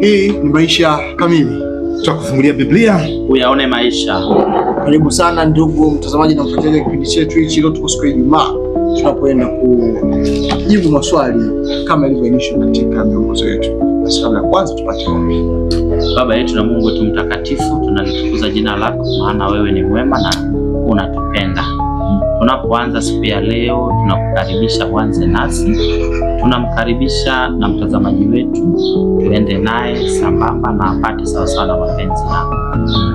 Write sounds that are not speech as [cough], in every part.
Hii ni Maisha Kamili, tutakufungulia Biblia uyaone maisha. Karibu sana ndugu mtazamaji na mfuatiliaji kipindi chetu hichi. Leo tuko siku ya Ijumaa, tunapoenda kujibu maswali kama ilivyoainishwa katika miongozo yetu. Basi kabla ya kwanza, tupate ombi. Baba yetu na Mungu wetu mtakatifu, tunalitukuza jina lako, maana wewe ni mwema na unatupenda. Tunapoanza siku ya leo, tunakukaribisha uanze nasi tunamkaribisha na mtazamaji wetu tuende naye sambamba na apate sawasawa na mapenzi yako.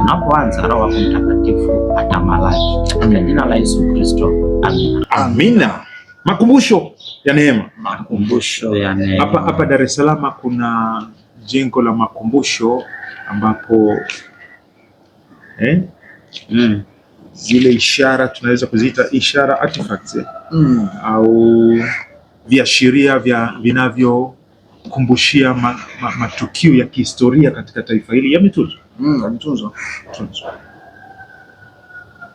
Unapoanza Roho wako Mtakatifu atamalaki katika jina la Yesu Kristo, amina. Amina. Makumbusho ya neema, makumbusho ya neema. Hapa hapa Dar es Salaam kuna jengo la makumbusho ambapo eh? mm. zile ishara tunaweza kuziita ishara artifacts eh? mm. au viashiria vya vinavyokumbushia ma, ma, matukio ya kihistoria katika taifa hili yametunzwa. Mm,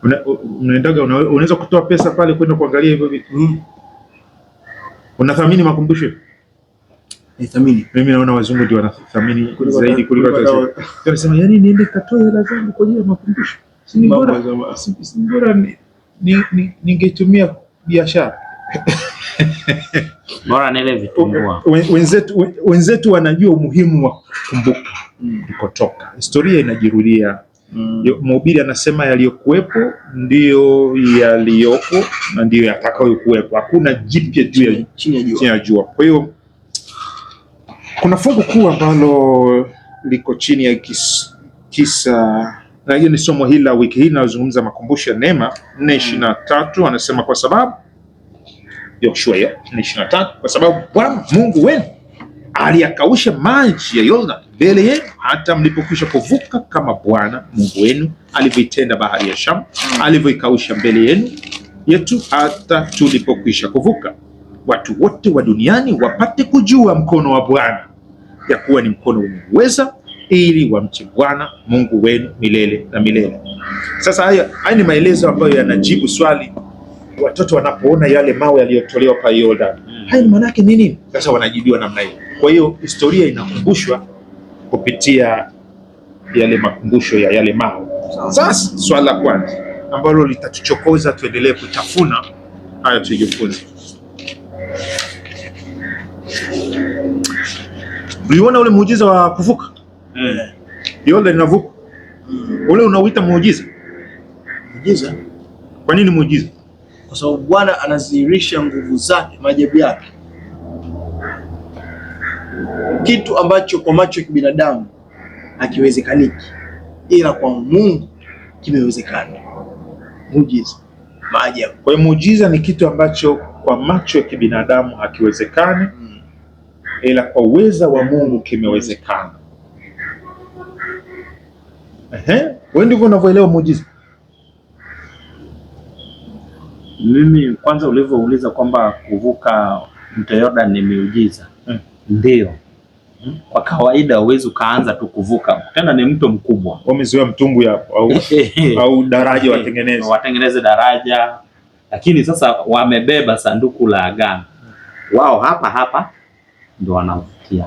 Una, unaendaga unaweza kutoa pesa pale kwenda kuangalia hivyo vitu mm. Unathamini makumbusho? Nithamini. Mimi naona wazungu ndio wanathamini zaidi kuliko hata tunasema, yani niende katoe hela zangu kwa ajili ya makumbusho, si bora, si bora ningetumia biashara Bora nile vitumbua. Wenzetu wenzetu wanajua umuhimu wa kukumbuka kutoka. Mm. Historia inajirudia. Mm. Mhubiri anasema yaliyokuwepo ndiyo yaliyopo na ndiyo yatakayokuwepo. Hakuna jipya juu ya jua. Kwa hiyo kuna fungu kuu ambalo liko chini ya kis, kisa na hiyo ni somo hili la wiki hii linalozungumza makumbusho ya neema na tatu Anasema kwa sababu Yoshua ya tatu kwa sababu Bwana Mungu wenu aliyakausha maji ya Yordani mbele yenu hata mlipokwisha kuvuka, kama Bwana Mungu wenu alivyoitenda bahari ya Shamu, alivyoikausha mbele yenu yetu hata tulipokwisha kuvuka, watu wote wa duniani wapate kujua mkono wa Bwana, ya kuwa ni mkono uweza ili wamche Bwana Mungu wenu milele na milele. Sasa haya ni maelezo ambayo yanajibu swali watoto wanapoona yale mawe yaliyotolewa pale Yordani, mm. haya ni yake nini? Sasa wanajibiwa namna hiyo. Kwa hiyo historia inakumbushwa kupitia yale makumbusho ya yale mawe. Sasa swala la kwanza ambalo litatuchokoza tuendelee kutafuna haya tujifunze. Uliona ule muujiza wa kuvuka mm. Yordani inavuka mm. Ule unauita muujiza? Muujiza? Kwa nini muujiza? kwa sababu Bwana anazihirisha nguvu zake, maajabu yake, kitu ambacho kwa macho ya kibinadamu hakiwezekaniki, ila kwa Mungu kimewezekana. Muujiza, maajabu. Kwa hiyo muujiza ni kitu ambacho kwa macho ya kibinadamu hakiwezekani, hmm, ila kwa uweza wa Mungu kimewezekana. Ehe, wewe ndivyo unavyoelewa muujiza. Mimi kwanza, ulivyouliza kwamba kuvuka mto Yordani ni miujiza mm. Ndio mm. Kwa kawaida uwezi ukaanza tu kuvuka, tena ni mto mkubwa. Wamezoea mtumbwi hapo au, [laughs] au daraja watengeneze watengeneze daraja, lakini sasa wamebeba sanduku la agano wao hapa hapa ndo wanavukia.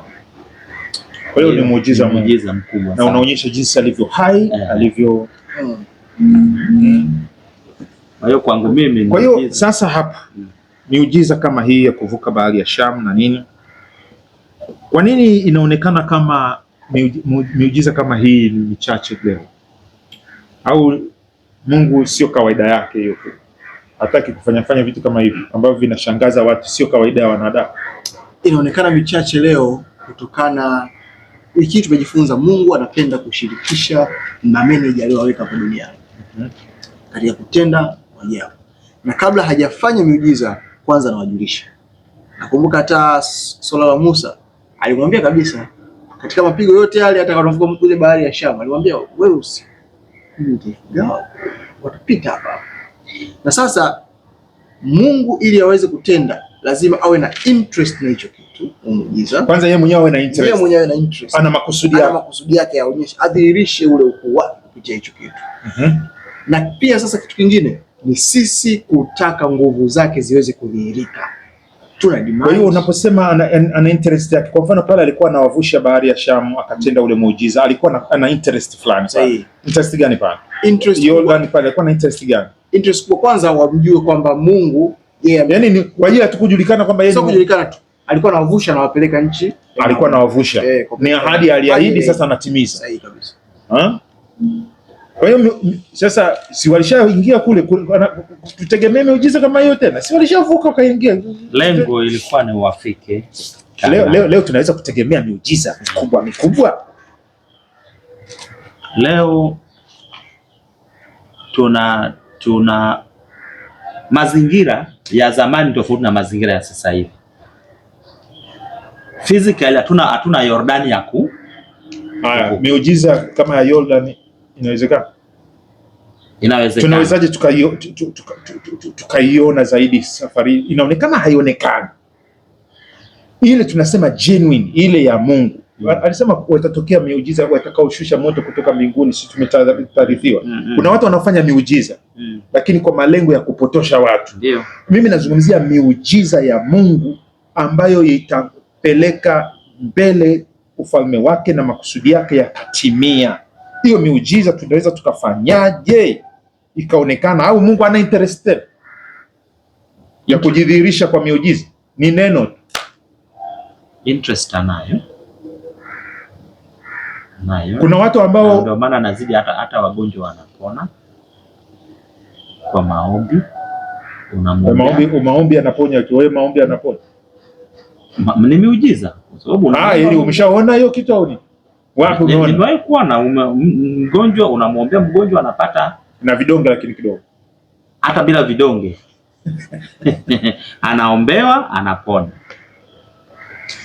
Kwa hiyo ni muujiza muujiza mkubwa na unaonyesha jinsi alivyo hai eh. alivyo mm. Mm. Kwa hiyo kwangu mimi, kwa hiyo sasa hapa miujiza kama hii ya kuvuka bahari ya Shamu na nini, kwa nini inaonekana kama miujiza kama hii ni michache leo? Au Mungu sio kawaida yake hiyo, hataki kufanya fanya vitu kama hivi ambavyo vinashangaza watu, sio kawaida ya wanadamu. Inaonekana michache leo kutokana wiki tumejifunza Mungu anapenda kushirikisha mameneja aliyowaweka kwa duniani mhm. katika kutenda wajao, na kabla hajafanya miujiza kwanza anawajulisha. Nakumbuka hata swala la Musa alimwambia kabisa katika mapigo yote yale, hata kanavuka kule bahari ya Shamu alimwambia wewe usi watapita hapa. Na sasa Mungu ili aweze kutenda lazima awe na interest na hicho kitu muujiza. Kwanza yeye mwenyewe awe na interest, yeye mwenyewe na interest, ana makusudi yake, ana makusudi yake yaonyeshe, adhihirishe ule ukuu wake kupitia hicho kitu. Uh mhm. -huh. Na pia sasa kitu kingine ni sisi kutaka nguvu zake ziweze kudhihirika. Kwa hiyo unaposema ana, ana ana interest yake, kwa mfano pale alikuwa anawavusha bahari ya Shamu akatenda ule muujiza, alikuwa na, ana interest fulani sana. Interest gani pale? Interest gani pale alikuwa na interest gani? Interest kwa kwanza wamjue kwamba Mungu yeye, yeah, yani ni kwa ajili atakujulikana kwamba yeye, ni kujulikana tu, alikuwa anawavusha anawapeleka nchi, alikuwa anawavusha, eh, ni ahadi aliahidi, eh. sasa anatimiza. Sahihi kabisa. Ha? Kwa hiyo sasa, si walishaingia kule, tutegemee miujiza kama hiyo tena? Si walishavuka wakaingia? Lengo ilikuwa ni wafike leo, leo, leo tunaweza kutegemea miujiza mikubwa mikubwa leo tuna tuna mazingira ya zamani tofauti na mazingira ya sasa hivi. Physically hatuna hatuna Yordani ya ku miujiza kama ya Yordani inawezekana inawezekana. Tunawezaje tukaiona zaidi safari inaonekana haionekani, ile tunasema genuine, ile ya Mungu mm. alisema watatokea miujiza watakaoshusha moto kutoka mbinguni, si tumetaarifiwa? mm -hmm. Kuna watu wanaofanya miujiza mm -hmm. lakini kwa malengo ya kupotosha watu. yeah. Mimi nazungumzia miujiza ya Mungu ambayo itapeleka mbele ufalme wake na makusudi yake yakatimia. Hiyo miujiza tunaweza tukafanyaje? ikaonekana au Mungu ana interest ya kujidhihirisha kwa miujiza? Ni neno interest anayo nayo. Kuna watu ambao ndio maana anazidi hata, hata wagonjwa wanapona kwa maombi. Maombi, maombi anaponya kiwe maombi anaponya Ma, ni miujiza kwa sababu ah, umeshaona hiyo kitu au ni wapi? Umeona, nimewahi kuona mgonjwa, unamwombea mgonjwa anapata na vidonge lakini kidogo, hata bila vidonge [laughs] anaombewa anapona.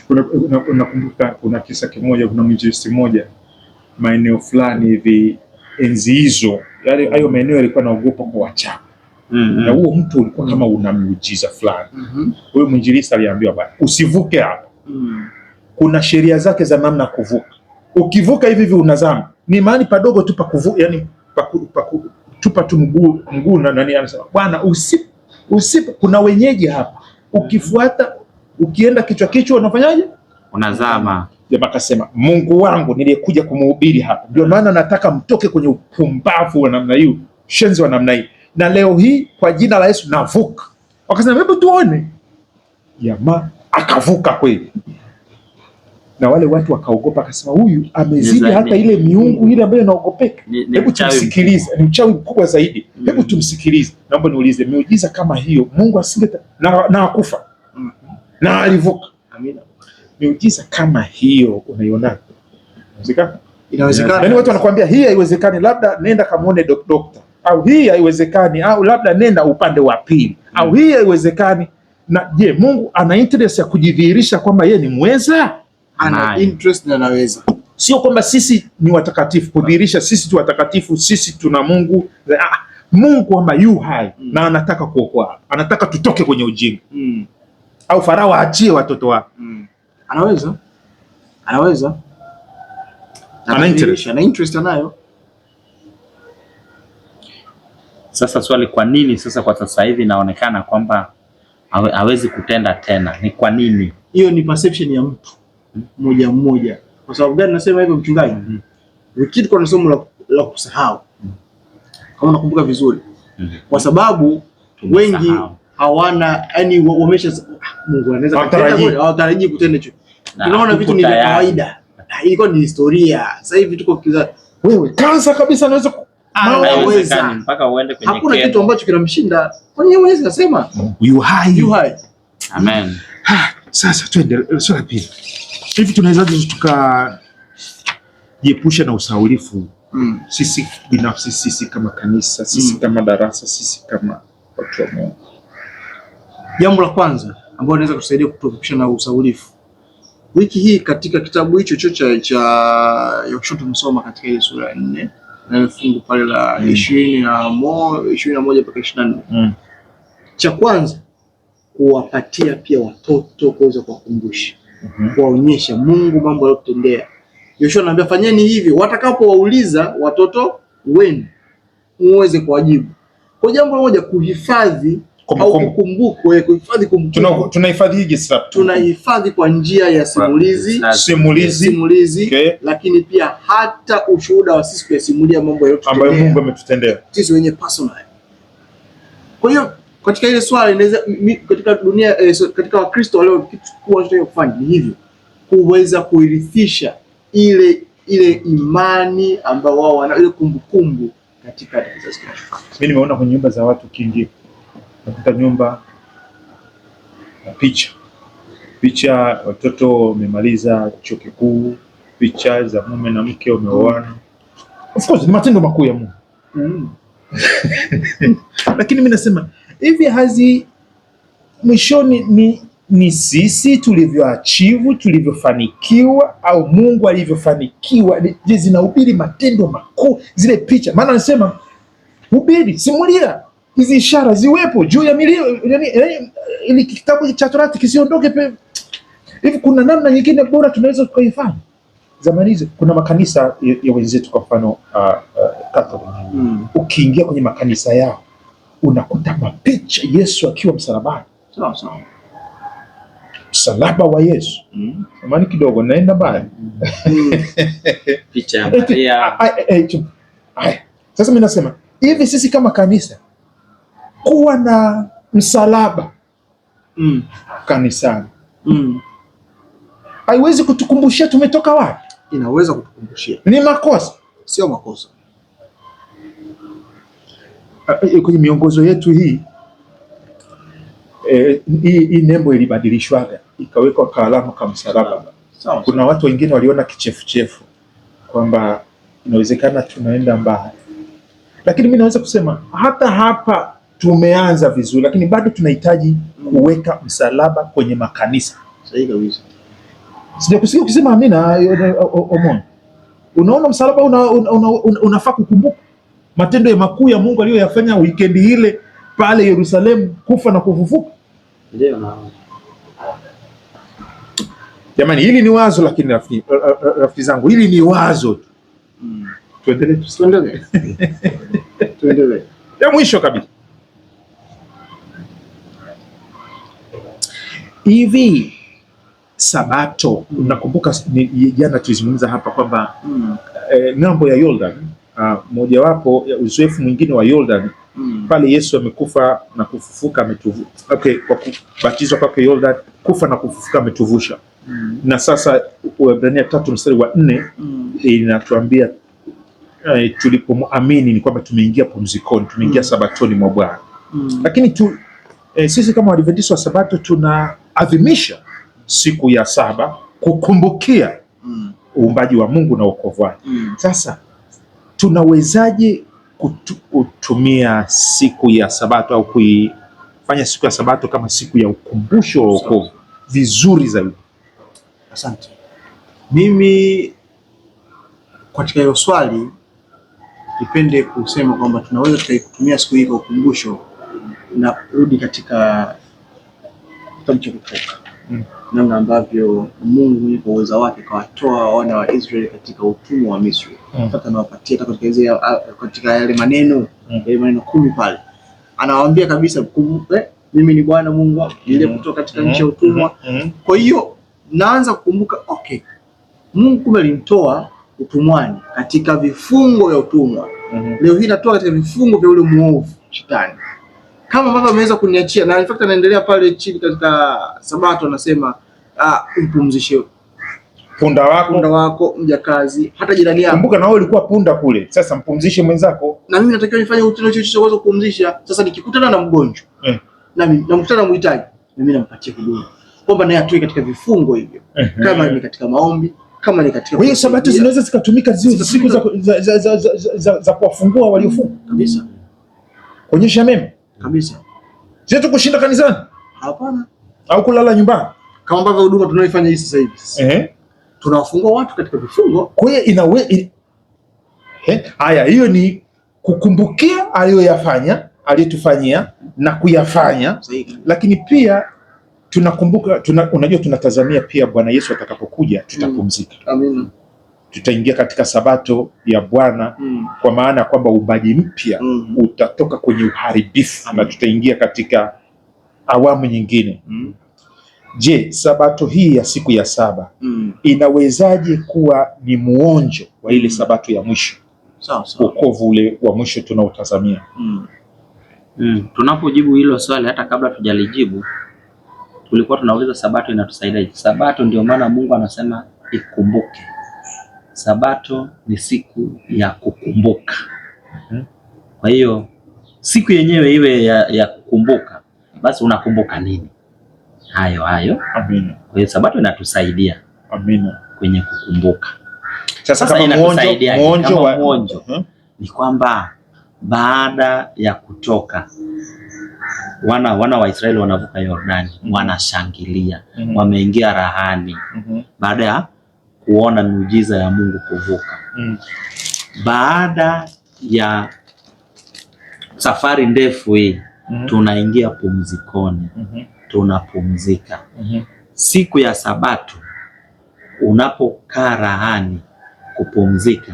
Unakumbuka una, una kuna kisa kimoja, kuna mwinjilisti mmoja maeneo fulani hivi enzi hizo, yale hayo maeneo yalikuwa naogopa kwa wachawi mm -hmm. na mm. huo mtu ulikuwa kama una miujiza fulani mm -hmm. Huyo mwinjilisti aliambiwa bwana, usivuke hapa mm -hmm. kuna sheria zake za namna kuvuka, ukivuka hivi hivi unazama, ni mahali padogo tu pa kuvuka, yani pa tupa tu mguu mguu, na nani anasema bwana, usip usip, kuna wenyeji hapa, ukifuata ukienda kichwa kichwa unafanyaje? Unazama. Jamaa akasema Mungu wangu niliyekuja kumhubiri hapa, ndio maana nataka mtoke kwenye upumbavu wa namna hiyo, shenzi wa namna hii, na leo hii kwa jina la Yesu navuka. Wakasema hebu tuone, jamaa akavuka kweli na wale watu wakaogopa, akasema huyu amezidi hata ile miungu mm. ile ambayo inaogopeka. Hebu tumsikilize, ni mchawi mkubwa zaidi. Hebu mm. tumsikilize. Naomba niulize, miujiza kama hiyo Mungu asinge na na akufa mm. na alivuka. Amina. Miujiza kama hiyo unaiona inawezekana? Yani watu wanakuambia hii haiwezekani, labda nenda kamuone dokta, au hii haiwezekani, au labda nenda upande wa pili, au hii haiwezekani. Na je, Mungu ana interest ya kujidhihirisha kwamba yeye ni mweza? ana interest na anaweza sio kwamba sisi ni watakatifu kudhihirisha sisi tu watakatifu, sisi tuna Mungu. Ah, Mungu kwamba yu hai mm. na anataka kuokoa, anataka tutoke kwenye ujinga mm. au Farao aachie watoto wake mm. anaweza, anaweza, ana interest, ana interest anayo. Sasa swali, kwa nini sasa kwa sasa hivi inaonekana kwamba hawezi kutenda tena? Ni kwa nini? Hiyo ni perception ya mtu moja moja. Kwa sababu gani nasema hivyo mchungaji? mm -hmm. Wikiti kwa somo la, la kusahau mm -hmm. kama nakumbuka vizuri mm -hmm. kwa sababu wengi hawana yani, wamesha ah, Mungu anaweza hawatarajii kutenda hicho, Tunaona vitu ni kawaida, ilikuwa ni historia. Sasa hivi tuko kiza wewe kansa kabisa, naweza naweza ah, mpaka uende kwenye hakuna kitu ambacho kinamshinda, kwani yeye anasema yu hai, yu hai. Amen. Ah, sasa twende eh, sura pili hivi tunawezaje tukajiepusha na usaulifu mm. Sisi binafsi, sisi kama kanisa, sisi mm. kama darasa, sisi kama watu wa Mungu. Jambo la kwanza ambalo naweza kusaidia kutuepusha na usaulifu, wiki hii katika kitabu hicho cho cha Yakushoto tumesoma katika ile sura ya nne na fungu pale la mm. ishirini na moja mpaka ishirini na nne mm. cha kwanza kuwapatia pia watoto kuweza kuwakumbusha Mhm. kuwaonyesha mm -hmm. Mungu mambo aliyotendea. Yoshua anaambia fanyeni hivi, watakapowauliza watoto wenu muweze kuwajibu. Kwa jambo moja, kuhifadhi au kukumbuka, kuhifadhi kumbukumbu. Tunahifadhi hiki sasa, tunahifadhi kwa njia ya simulizi, simulizi, simulizi okay. Lakini pia hata ushuhuda wa sisi kuyasimulia mambo yote ambayo Mungu ametutendea sisi wenye personal. Kwa hiyo katika ile swala inaweza katika dunia eh, so, katika Wakristo leo kitu kubwa kufanya ni hivyo kuweza kuirithisha ile ile imani ambayo wao wana ile kumbukumbu katika kizazi. Mimi nimeona kwenye nyumba za watu kingi, nakuta nyumba na picha picha, watoto wamemaliza chuo kikuu, picha za mume na mke wameoana. Of course ni matendo makuu ya Mungu mm. [laughs] Lakini mimi nasema hivi hazi mwishoni ni, ni sisi tulivyoachivu tulivyofanikiwa, au Mungu alivyofanikiwa? Je, zinahubiri matendo makuu zile picha? Maana anasema hubiri, simulia hizi ishara ziwepo juu ya milio, yani, ili kitabu cha Torati kisiondoke hivi. Kuna namna nyingine bora tunaweza tukaifanya zamani hizo. Kuna makanisa ya wenzetu kwa mfano uh, uh, Catholic mm. Ukiingia kwenye makanisa yao unakuta mapicha Yesu akiwa msalabani, sawa sawa, msalaba wa Yesu mm. Amani kidogo, naenda mbaya mm. [laughs] picha ya Maria. E, e, sasa mimi nasema hivi, sisi kama kanisa kuwa na msalaba mm. kanisani mm. haiwezi kutukumbushia tumetoka wapi. Inaweza kutukumbushia, ni makosa, sio makosa Eh, eh, kwenye miongozo yetu hii e, hii nembo ilibadilishwaga ikawekwa kaalama kama msalaba. Kuna watu wengine waliona kichefuchefu kwamba inawezekana tunaenda mbali, lakini mimi naweza kusema hata hapa tumeanza vizuri, lakini bado tunahitaji kuweka msalaba kwenye makanisa. Sijakusikia ukisema amina. Omon, unaona msalaba unafaa kukumbuka matendo ya makuu ya Mungu aliyoyafanya wikendi ile pale Yerusalemu, kufa na kufufuka. Jamani, hili ni wazo, lakini rafiki rafiki zangu, hili ni wazo tu. Hmm. Tuendelee, [laughs] tuendelee. Ya mwisho kabisa hivi Sabato, nakumbuka jana tulizungumza hapa kwamba mm, eh, ng'ambo ya Yordani uh, mojawapo ya uzoefu mwingine wa yordan mm. pale Yesu amekufa na kufufuka ametuvu, okay, kwa kubatizwa kwake Yordan, kufa na kufufuka ametuvusha mm. na sasa Waebrania tatu mstari wa nne hmm. inatuambia uh, tulipomwamini ni kwamba tumeingia pumzikoni, tumeingia mm. sabatoni mwa Bwana mm. lakini tu, eh, sisi kama Waadventista wa Sabato tunaadhimisha siku ya saba kukumbukia hmm. uumbaji wa Mungu na wokovu wake mm. sasa tunawezaje kutumia siku ya Sabato au kuifanya siku ya Sabato kama siku ya ukumbusho wa wokovu vizuri zaidi? Asante. Mimi katika hilo swali nipende kusema kwamba tunaweza tukaitumia siku hii kwa ukumbusho na rudi katika kitabu cha Kutoka. Mm namna ambavyo Mungu kwa uwezo wake kawatoa wana wa Israeli katika utumwa wa Misri. Sasa mm. anawapatia ah, katika yale maneno mm. yale maneno kumi pale, anawaambia kabisa eh, mimi ni Bwana Mungu wako hmm. kutoka katika nchi ya hmm. utumwa. Hmm. Kwa hiyo naanza kukumbuka okay, Mungu kumbe alimtoa utumwani katika vifungo vya utumwa mm -hmm. Leo hii natoa katika vifungo vya ule muovu shetani kama ambavyo ameweza kuniachia, na in fact anaendelea pale chini katika Sabato anasema ah, mpumzishe punda wako, punda wako mjakazi, hata jirani yako. Kumbuka na wewe ulikuwa punda kule, sasa mpumzishe mwenzako. Na mimi natakiwa nifanye utendo chochote cha kuweza kupumzisha. Sasa nikikutana na mgonjwa eh, na mimi namkutana na mhitaji, mimi nampatia huduma, kwamba naye atoe katika vifungo hivyo eh, eh, kama ni katika maombi kama ni katika. Kwa hiyo Sabato zinaweza zikatumika zio siku za za za, za, za, za, za kuwafungua waliofungwa kabisa, kuonyesha mema kabisa. Sio tu kushinda kanisani? Hapana. Au kulala nyumbani kama ambavyo huduma tunaoifanya hii sasa hivi. Eh. Tunawafungua watu katika vifungo. Kwa hiyo inawe in... eh, haya hiyo ni kukumbukia aliyoyafanya, aliyotufanyia na kuyafanya. Saiki. Lakini pia tunakumbuka tuna, unajua tunatazamia pia Bwana Yesu atakapokuja tutapumzika. Amina tutaingia katika sabato ya Bwana mm. kwa maana ya kwamba uumbaji mpya mm. utatoka kwenye uharibifu na tutaingia katika awamu nyingine mm. Je, sabato hii ya siku ya saba mm. inawezaje kuwa ni muonjo wa ile mm. sabato ya mwisho wokovu ule wa mwisho tunaotazamia? mm. mm. Tunapojibu hilo swali, hata kabla tujalijibu, tulikuwa tunauliza sabato inatusaidia. Sabato ndio maana Mungu anasema ikumbuke Sabato ni siku ya kukumbuka. Kwa hiyo siku yenyewe iwe ya, ya kukumbuka, basi unakumbuka nini? Hayo hayo. Amina. Kwa hiyo Sabato inatusaidia Amina. kwenye kukumbuka. Sasa, sasa inatusaidia muonjo, kama wa... muonjo ni kwamba baada ya kutoka wana wana wa Israeli wanavuka Yordani, mhm. wanashangilia mm -hmm. wameingia rahani mm -hmm. baada ya kuona miujiza ya Mungu kuvuka. Mm. Baada ya safari ndefu hii mm -hmm. tunaingia pumzikoni mm -hmm. tunapumzika mm -hmm. siku ya Sabato unapokaa rahani kupumzika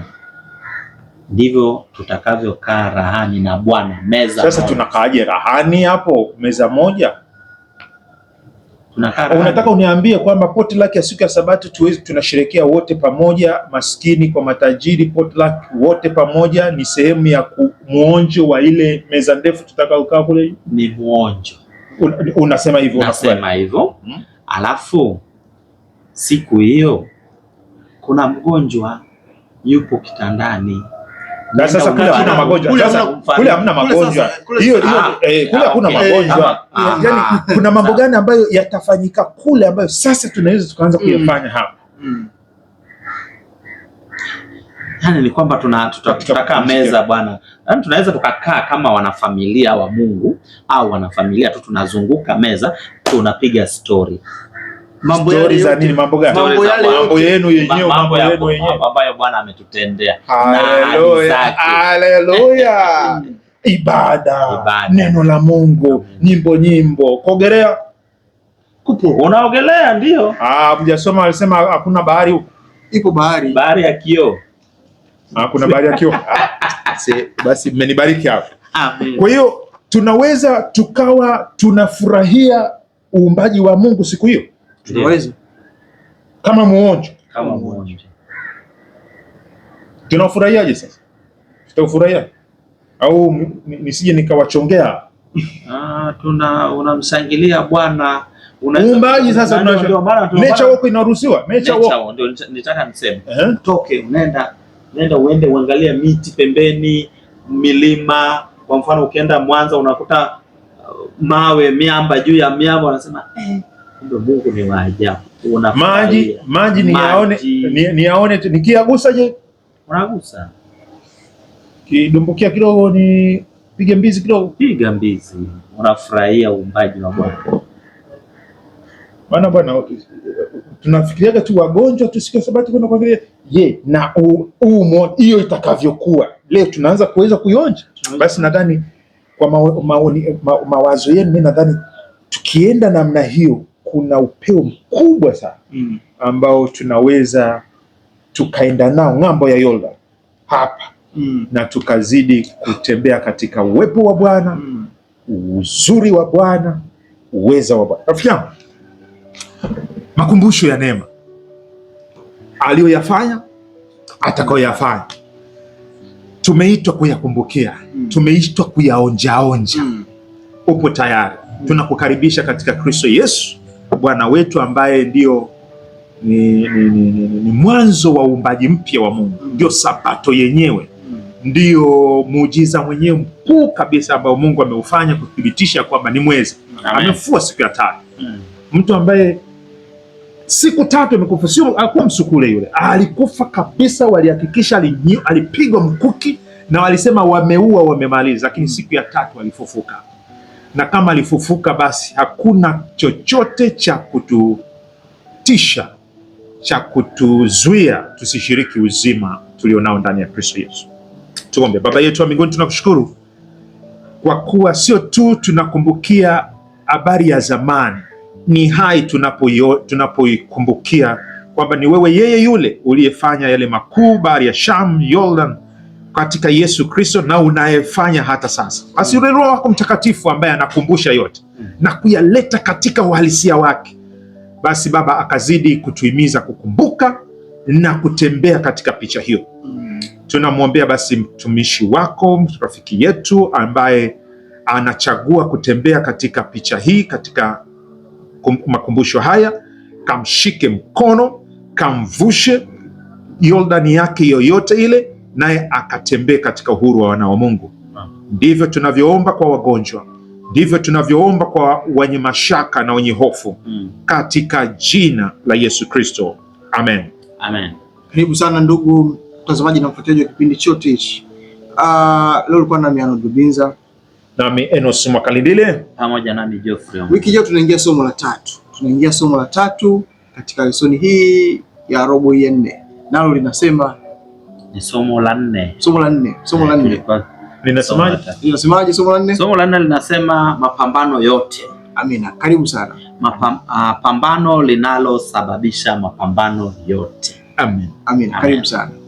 ndivyo tutakavyokaa rahani na Bwana meza. Sasa tunakaaje rahani hapo meza moja? Unataka uniambie kwamba potluck ya siku ya Sabato tuwezi tunasherekea wote pamoja, maskini kwa matajiri, potluck wote pamoja ni sehemu ya muonjo wa ile meza ndefu tutakaokaa kule, ni muonjo. Un, unasema hivyo, unasema hivyo hmm? Alafu siku hiyo kuna mgonjwa yupo kitandani na sasa kule hakuna magonjwa, kule hamna magonjwa, hiyo ah, eh, kule hakuna ah, magonjwa. Eh, ah, eh, yani kuna mambo gani ambayo yatafanyika kule ambayo sasa tunaweza tukaanza mm. kuyafanya hapa? Mm. Yani ni kwamba tuna tutakaa meza bwana, yani tunaweza tukakaa kama wanafamilia wa Mungu au wanafamilia tu tunazunguka meza tunapiga stori mambo yale yote ni mambo gani? Mambo yale mambo yenu yenyewe, mambo yenu yenyewe ambayo Bwana ametutendea. Haleluya, haleluya. [laughs] Ibada, neno la Mungu, nyimbo, nyimbo, kuogelea kupo, unaogelea ndio. Ah, mjasoma alisema hakuna bahari huko, ipo bahari, bahari ya kio. Ah, kuna bahari ya kio. [laughs] Basi mmenibariki hapo. Amen. Kwa hiyo tunaweza tukawa tunafurahia uumbaji wa Mungu siku hiyo tunaweza kama muonjo, kama muonjo tunafurahiaje sasa? Tutafurahia au nisije nikawachongea? Ah, tuna unamsangilia Bwana uumbaji sasa. mecha walk inaruhusiwa, nature walk ndio nitaka niseme. Eh? Toke unaenda unaenda uende uangalie miti pembeni, milima. Kwa mfano ukienda Mwanza unakuta uh, mawe miamba juu ya miamba, wanasema eh kumbe Mungu ni wa ajabu. Maji, maji ni yaone ni yaone tu nikiagusa. Je, unagusa kidumbukia kidogo, ni pige mbizi kidogo, piga mbizi, unafurahia uumbaji wa Bwana. Maana bwana, tunafikiriaga tu wagonjwa tusikie sabati kwenda kuangalia, je na umo hiyo itakavyokuwa leo, tunaanza kuweza kuionja. Basi nadhani kwa mawazo yenu, mimi nadhani tukienda namna hiyo kuna upeo mkubwa sana mm. ambao tunaweza tukaenda nao ng'ambo ya Yordani hapa mm. na tukazidi kutembea katika uwepo wa Bwana mm. uzuri wa Bwana, uweza wa Bwana. Rafiki yangu, makumbusho ya neema aliyoyafanya, atakayoyafanya, tumeitwa kuyakumbukia mm. tumeitwa kuyaonjaonja mm. upo tayari? mm. tunakukaribisha katika Kristo Yesu Bwana wetu ambaye ndio ni, ni, ni, ni, ni mwanzo wa uumbaji mpya wa Mungu, ndio sabato yenyewe, ndio muujiza mwenyewe mkuu kabisa ambao Mungu ameufanya kuthibitisha kwamba ni mwezi amefua siku ya tatu. Hmm. Mtu ambaye siku tatu amekufa, sio alikuwa msukule yule, alikufa kabisa. Walihakikisha alipigwa mkuki na walisema wameua, wamemaliza, lakini siku ya tatu alifufuka na kama alifufuka, basi hakuna chochote cha kututisha cha kutuzuia tusishiriki uzima tulionao ndani ya Kristo Yesu. Tuombe. Baba yetu wa mbinguni, tunakushukuru kwa kuwa sio tu tunakumbukia habari ya zamani, ni hai tunapoikumbukia kwamba ni wewe yeye yule uliyefanya yale makuu bahari ya Sham, Jordan katika Yesu Kristo na unayefanya hata sasa. Basi yule Roho wako Mtakatifu ambaye anakumbusha yote na kuyaleta katika uhalisia wake, basi Baba akazidi kutuhimiza kukumbuka na kutembea katika picha hiyo. Tunamwombea basi mtumishi wako, rafiki yetu ambaye anachagua kutembea katika picha hii, katika makumbusho haya, kamshike mkono, kamvushe Yordani yake yoyote ile naye akatembee katika uhuru wa wana wa Mungu. Ndivyo tunavyoomba kwa wagonjwa, ndivyo tunavyoomba kwa wenye mashaka na wenye hofu mm. katika jina la Yesu Kristo, amen, amen. Karibu sana ndugu mtazamaji na mfuatiliaji wa kipindi chote hichi. Uh, leo ulikuwa nami Arnold nami Enos Mwakalindile pamoja nami Geoffrey. Wiki ijayo tunaingia somo la tatu, tunaingia somo la tatu katika lesoni hii ya robo ya nne, nalo linasema ni somo la nne. Somo la nne. Somo la nne. Linasemaje? Linasemaje somo la nne? Somo la nne linasema mapambano yote. Amina. Karibu sana. Mapam, uh, pambano linalosababisha mapambano yote. Amina. Amina. Karibu sana.